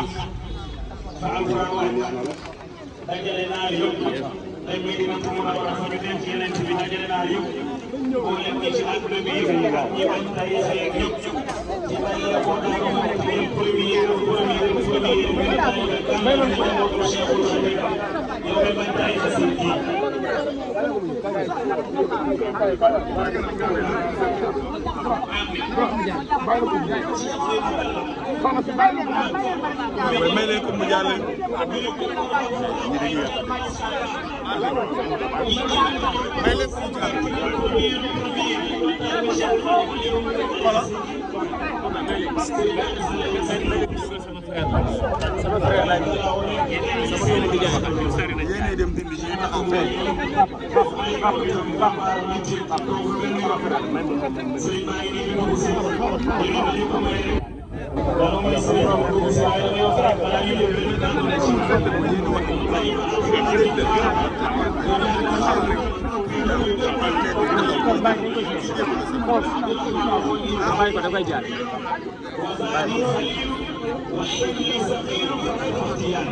gis ba alxuraan wàcc dajale naar yëpp day mel ni man sama war a fa ñu denc yeneen bi dajale naar yëpp boo leen ñi ci àdduna bi yëpp ñi bañ tay seeg ñëpp ci dajale ko daal moom tamit premier premier premier bi nga xam ne Cheikhoul Khadim yow bañ tay sa sëñ waaye may leen ko mu jàll may leen ko mu jàll voilà sama frère laaj sama yéene di jaay dem dindi ci taxaw fee Thank you. وإني صغير فقد اختيان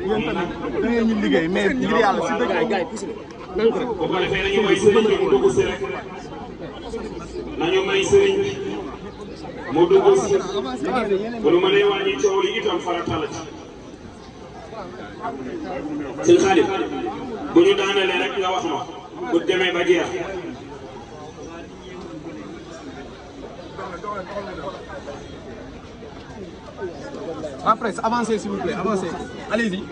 ñu liggéey mais ngir yàlla si dëgg gaay pis na ko defee nañu may sëriñ bi mu dugg si rek nañu may sëriñ bi mu dugg si bu nu mënee wàññi coow li itam farata la ci sëñ Xaalif bu ñu daanalee rek nga wax ma bu demee ba jeex La presse, avancez s'il vous plaît, avancez. Allez-y.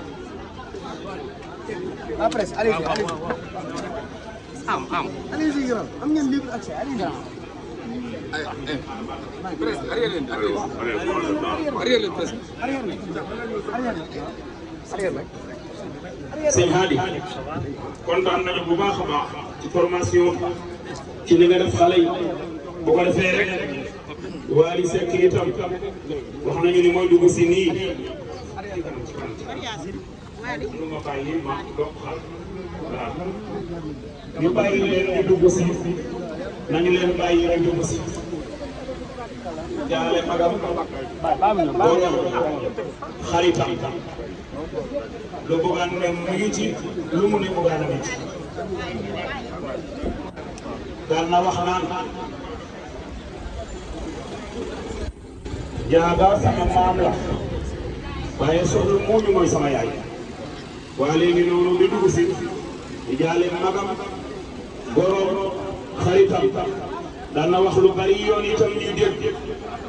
La presse, allez-y, allez-y. Am, am. Allez-y, grand. Am ngeen libre accès, allez-y. Presse, arrière leen, arrière leen. Arrière leen, presse. Arrière leen. Arrière leen. sëñ Hadi kontaan nañu bu baax baax ci formation ci li nga def yi bu ko defee rek Wally Seck itam wax nañu ni mooy dugg si nii ñu bàyyi leen ñu dugg si nañu leen bàyyi rek dugg si jaale magam xaritam lu Bougane ne mu ngi ci lu mu ne Bougane ngi ci na wax naan Diaga sama maam la waaye soxla moo ñu mooy sama yaay waa léegi loolu di dugg si di jaale magam goroom xaritam daan na wax lu bari yoon itam ñuy dégg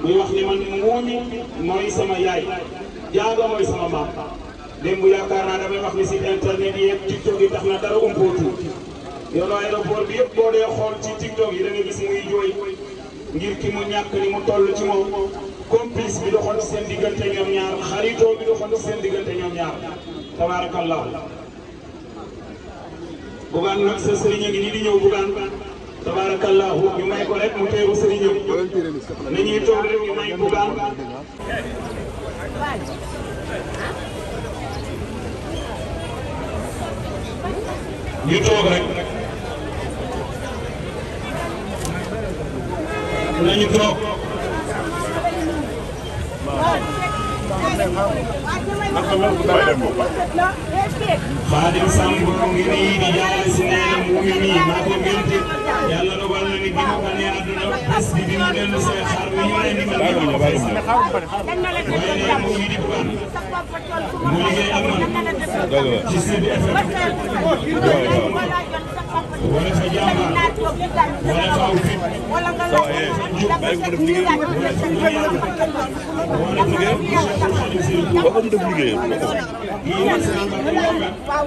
muy wax ni man muuñu mooy sama yaay Diaga mooy sama maam démb yaakaar naa damay wax ni si internet yi yëpp tiktok yi tax na dara umpootu yoonu aéroport bi yëpp boo dee xool ci tiktok yi da nga gis muy jooy ngir ki mu ñàkk ni mu toll ci moom complice bi doxoon seen diggante ñoom ñaar xaritoo bi doxoon seen diggante ñoom ñaar tabaarakallah bugaan nag sa sëriñ a ngi nii di ñëw bugaan tabaarakallah ñu may ko rek mu teeru sëriñam na toog rek ñu may bugaan ñu toog rek nañu toog Xaadim Samb mu ngi nii di jaale si neena mu ngi nii maa ko gënt yàlla dogal na ni bi ma ko nee àdduna bés bi bi mu dellu see xar bi ñu ne ni ma ni ma ko fes waaye mu ngi di bugaan mu liggéey ak man. ci seen wala sa jàmba wala sa aw fit wala sa jub wala sa def liggéey ba def liggéey. ba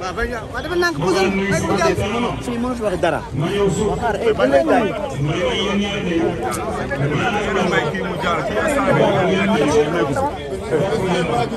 waaw dafa nànk puso rek mu jàll. suñu mënut a wax dara. waxaar ay ba lay daay. may kii mu jaar ci instant bi.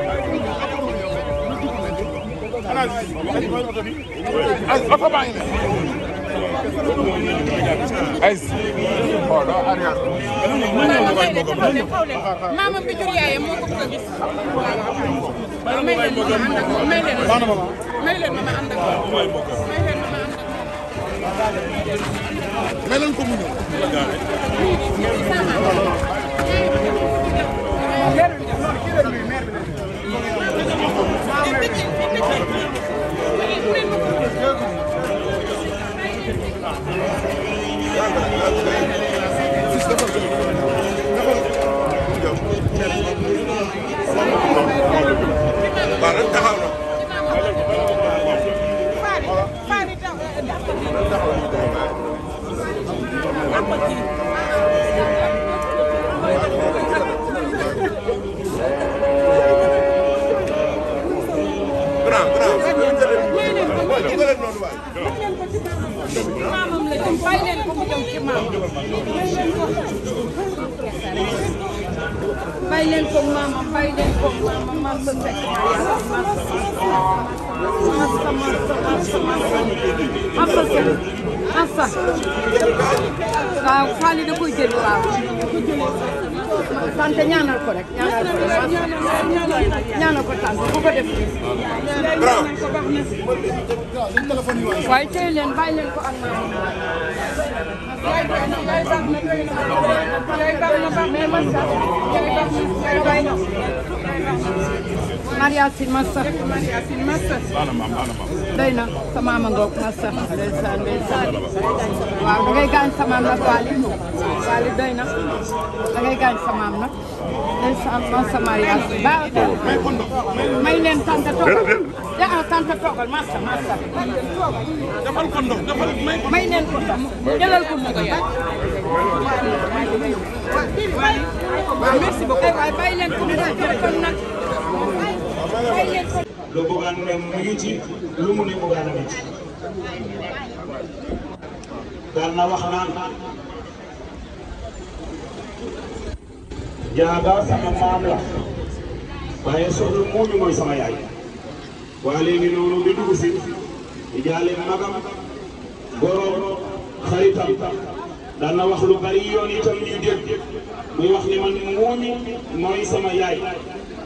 Aziz xooloo Ariane. maamam bi jur yaayam moo ko bëgg a gis. may leen ma ma ànd ak may leen ma may leen ma ma ànd ak may leen ma ma ànd ak may leen ko mu ñëw. bay leen ko maamam bay leen ko maamam man sa fekk man sa man sa man sa man sa man sa fekk man sa waaw xaalis da koy jëli waaw tante ñaanal ko rek ñaanal ko rek ñaanal ko tante bu ko def waaye tey leen bàyyi leen ko ak maam Mariasin Massa. Mariasin Massa. baana maam baana maam. doy na sa maama ngoog Massa. ndeysaan ndeysaan. waaw da ngay gaañ sa maam nag Waly. Waly doy na da ngay gaañ sa maam nag. ndeysaan Massa Mariasin. baax na may leen tante toogal. ja ah tante toogal Massa Massa. defal ko ndox defal may leen ko ndox. jëlal ko ndox merci beaucoup. aywa bàyyi leen ko ndox jërëjëf nag. lu ngi ci lu na wax naan. jaaba sama maam la. waaye soxla moomu mooy sama yaay. waa léegi noonu bi dugg si. di jaale magam. goro xaritam. daan na wax lu bari yoon itam ñuy dégg. muy wax ni man moomi mooy sama yaay.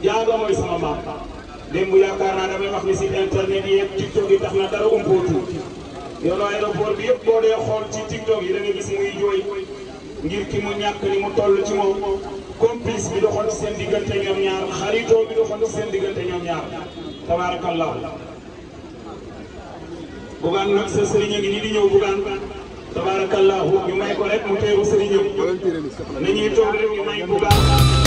jaaba mooy sama maam. démb yaakaar naa damay wax ni site internet yi yëpp tiktok yi tax na dara umpootu yoonu aéroport bi yëpp boo dee xool ci tiktok yi da nga gis muy jooy ngir ki mu ñàkk ni mu toll ci moom complice bi doxoon ci seen diggante ñoom ñaar xaritoo bi doxoon ci seen diggante ñoom ñaar tabaarakallah bugaan nag sa sëriñ a ngi nii di ñëw bugaan tabaarakallah ñu may ko rek mu ñu may bugaan